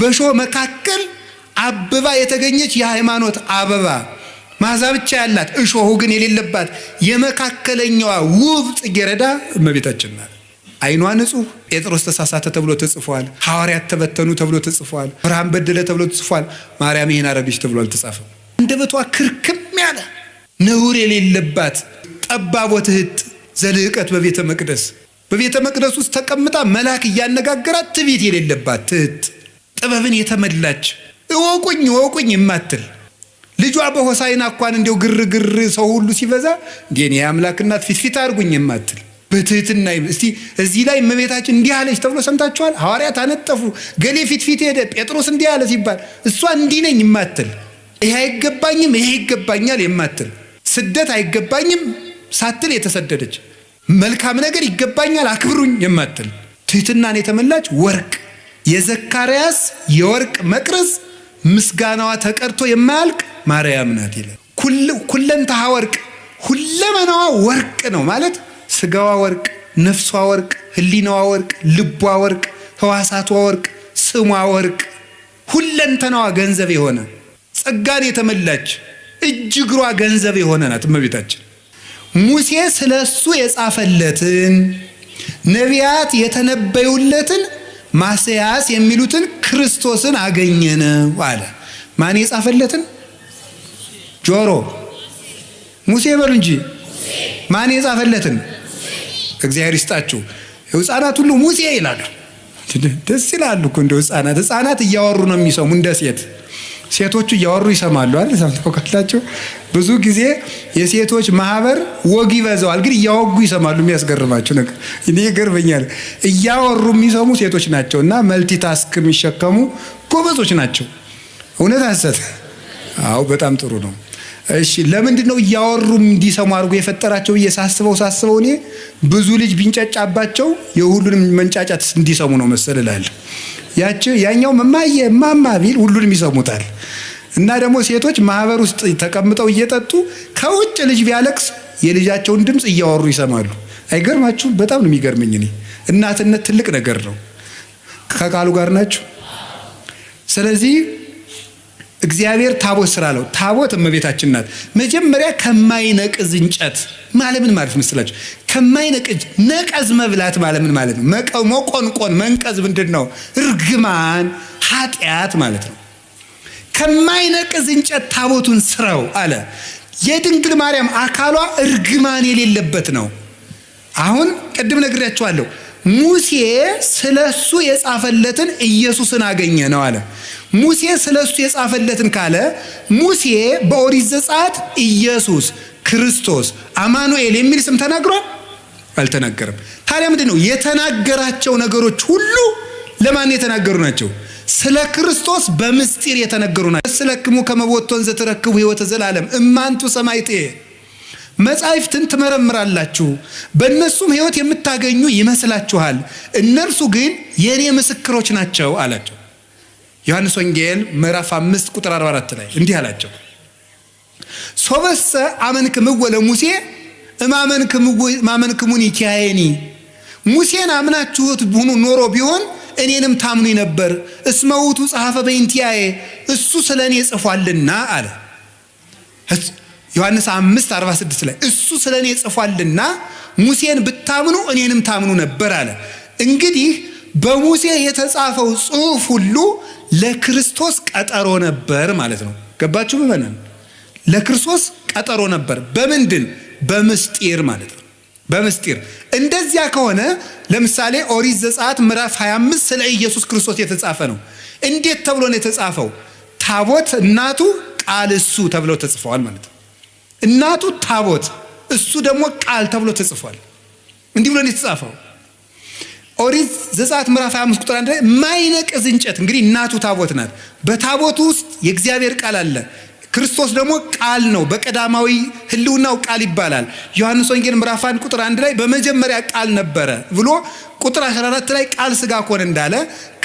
በእሾህ መካከል አብባ የተገኘች የሃይማኖት አበባ ማዛ ብቻ ያላት እሾሁ ግን የሌለባት የመካከለኛዋ ውብ ጽጌረዳ እመቤታችን ናት። አይኗ ንጹህ። ጴጥሮስ ተሳሳተ ተብሎ ተጽፏል። ሐዋርያት ተበተኑ ተብሎ ተጽፏል። ብርሃን በደለ ተብሎ ተጽፏል። ማርያም ይህን አረገች ተብሎ አልተጻፈም። አንደበቷ ክርክም ያለ ነውር የሌለባት ጠባቦት እህት ዘልዕቀት በቤተ መቅደስ በቤተ መቅደስ ውስጥ ተቀምጣ መልአክ እያነጋገራት ትዕቢት የሌለባት ትህት ጥበብን የተመላች እወቁኝ እወቁኝ የማትል ልጇ በሆሳይና እንኳን እንዲው ግርግር ሰው ሁሉ ሲበዛ እንዴኔ የአምላክ እናት ፊትፊት አድርጉኝ የማትል በትህትና እስቲ እዚህ ላይ እመቤታችን እንዲህ አለች ተብሎ ሰምታችኋል። ሐዋርያት አነጠፉ፣ ገሌ ፊትፊት ሄደ፣ ጴጥሮስ እንዲህ አለ ሲባል እሷ እንዲህ ነኝ የማትል ይህ አይገባኝም ይሄ ይገባኛል የማትል ስደት አይገባኝም ሳትል የተሰደደች መልካም ነገር ይገባኛል አክብሩኝ የማትል ትህትናን የተመላች ወርቅ የዘካርያስ የወርቅ መቅረዝ ምስጋናዋ ተቀርቶ የማያልቅ ማርያም ናት ይላል። ኩለንተሃ ወርቅ፣ ሁለመናዋ ወርቅ ነው ማለት ስጋዋ ወርቅ፣ ነፍሷ ወርቅ፣ ህሊናዋ ወርቅ፣ ልቧ ወርቅ፣ ህዋሳቷ ወርቅ፣ ስሟ ወርቅ፣ ሁለንተናዋ ገንዘብ የሆነ ጸጋን የተመላች እጅ እግሯ ገንዘብ የሆነ ናት እመቤታችን። ሙሴ ስለ እሱ የጻፈለትን ነቢያት የተነበዩለትን ማስያስ የሚሉትን ክርስቶስን አገኘነው አለ። ማን የጻፈለትን? ጆሮ ሙሴ በሉ እንጂ ማን የጻፈለትን? እግዚአብሔር ይስጣችሁ። ህፃናት ሁሉ ሙሴ ይላሉ። ደስ ይላሉ እኮ እንደው ህፃናት ህፃናት እያወሩ ነው የሚሰሙ እንደ ሴት ሴቶቹ እያወሩ ይሰማሉ አይደል? ሰምተው ካላቸው ብዙ ጊዜ የሴቶች ማህበር ወግ ይበዛዋል፣ ግን እያወጉ ይሰማሉ። የሚያስገርማቸው ነገር እኔ ይገርመኛል። እያወሩ የሚሰሙ ሴቶች ናቸው እና መልቲታስክ የሚሸከሙ ጎበዞች ናቸው። እውነት ሐሰት? አዎ በጣም ጥሩ ነው። እሺ ለምንድን ነው እያወሩ እንዲሰሙ አድርጎ የፈጠራቸው ብዬ ሳስበው ሳስበው እኔ ብዙ ልጅ ቢንጫጫባቸው የሁሉንም መንጫጫት እንዲሰሙ ነው መሰል እላለሁ። ያቺ ያኛው እማዬ እማማ ቢል ሁሉንም ይሰሙታል። እና ደግሞ ሴቶች ማህበር ውስጥ ተቀምጠው እየጠጡ ከውጭ ልጅ ቢያለቅስ የልጃቸውን ድምፅ እያወሩ ይሰማሉ። አይገርማችሁም? በጣም ነው የሚገርመኝ። እኔ እናትነት ትልቅ ነገር ነው። ከቃሉ ጋር ናችሁ። ስለዚህ እግዚአብሔር ታቦት ስራ አለው። ታቦት እመቤታችን ናት። መጀመሪያ ከማይነቅዝ እንጨት ማለምን ማለት መስላችሁ? ከማይነቅዝ ነቀዝ መብላት ማለምን ማለት ነው። መቆንቆን፣ መንቀዝ ምንድን ነው? እርግማን፣ ኃጢአት ማለት ነው። ከማይነቅዝ እንጨት ታቦቱን ስራው አለ። የድንግል ማርያም አካሏ እርግማን የሌለበት ነው። አሁን ቅድም ነግሬያችኋለሁ። ሙሴ ስለ እሱ የጻፈለትን ኢየሱስን አገኘ ነው አለ። ሙሴ ስለ እሱ የጻፈለትን ካለ ሙሴ በኦሪት ዘጸአት ኢየሱስ ክርስቶስ አማኑኤል የሚል ስም ተናግሯል? አልተናገረም። ታዲያ ምንድን ነው የተናገራቸው ነገሮች ሁሉ ለማን የተናገሩ ናቸው? ስለ ክርስቶስ በምስጢር የተነገሩ ናቸው። ስለክሙ ከመቦቶን ዘተረክቡ ህይወተ ዘላለም እማንቱ ሰማይጤ መጻሕፍትን ትመረምራላችሁ፣ በእነሱም ህይወት የምታገኙ ይመስላችኋል። እነርሱ ግን የእኔ ምስክሮች ናቸው አላቸው። ዮሐንስ ወንጌል ምዕራፍ 5 ቁጥር 44 ላይ እንዲህ አላቸው፣ ሶበሰ አመንክምዎ ለሙሴ እማመንክሙኒ ኪያየኒ፣ ሙሴን አምናችሁት ሁኑ ኖሮ ቢሆን እኔንም ታምኑ ነበር። እስመውቱ ጸሐፈ በእንቲአየ እሱ ስለ እኔ ጽፏልና አለ። ዮሐንስ 5 46 ላይ እሱ ስለ እኔ ጽፏልና ሙሴን ብታምኑ እኔንም ታምኑ ነበር አለ። እንግዲህ በሙሴ የተጻፈው ጽሑፍ ሁሉ ለክርስቶስ ቀጠሮ ነበር ማለት ነው። ገባችሁ? በመነን ለክርስቶስ ቀጠሮ ነበር። በምንድን በምስጢር ማለት ነው። በምስጢር እንደዚያ ከሆነ ለምሳሌ ኦሪት ዘጸአት ምዕራፍ 25 ስለ ኢየሱስ ክርስቶስ የተጻፈ ነው። እንዴት ተብሎ ነው የተጻፈው? ታቦት እናቱ ቃል እሱ ተብለው ተጽፈዋል ማለት ነው። እናቱ ታቦት እሱ ደግሞ ቃል ተብሎ ተጽፏል። እንዲህ ብሎ ነው የተጻፈው። ኦሪት ዘጸአት ምዕራፍ 25 ቁጥር 1 ላይ ማይነቅዝ እንጨት እንግዲህ እናቱ ታቦት ናት። በታቦቱ ውስጥ የእግዚአብሔር ቃል አለ። ክርስቶስ ደግሞ ቃል ነው። በቀዳማዊ ህልውናው ቃል ይባላል። ዮሐንስ ወንጌል ምዕራፍ 1 ቁጥር 1 ላይ በመጀመሪያ ቃል ነበረ ብሎ ቁጥር 14 ላይ ቃል ስጋ ኮን እንዳለ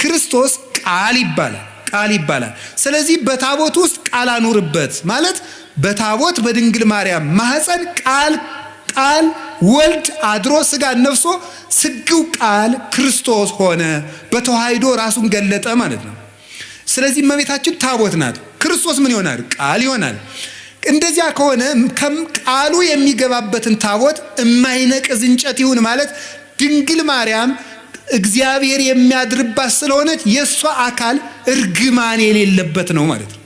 ክርስቶስ ቃል ይባላል ቃል ይባላል። ስለዚህ በታቦት ውስጥ ቃል አኑርበት ማለት በታቦት በድንግል ማርያም ማህፀን ቃል ቃል ወልድ አድሮ ስጋን ነፍሶ ስግው ቃል ክርስቶስ ሆነ፣ በተዋህዶ ራሱን ገለጠ ማለት ነው። ስለዚህ እመቤታችን ታቦት ናት። ክርስቶስ ምን ይሆናል? ቃል ይሆናል። እንደዚያ ከሆነ ቃሉ የሚገባበትን ታቦት የማይነቅዝ እንጨት ይሁን ማለት ድንግል ማርያም እግዚአብሔር የሚያድርባት ስለሆነች የእሷ አካል እርግማን የሌለበት ነው ማለት ነው።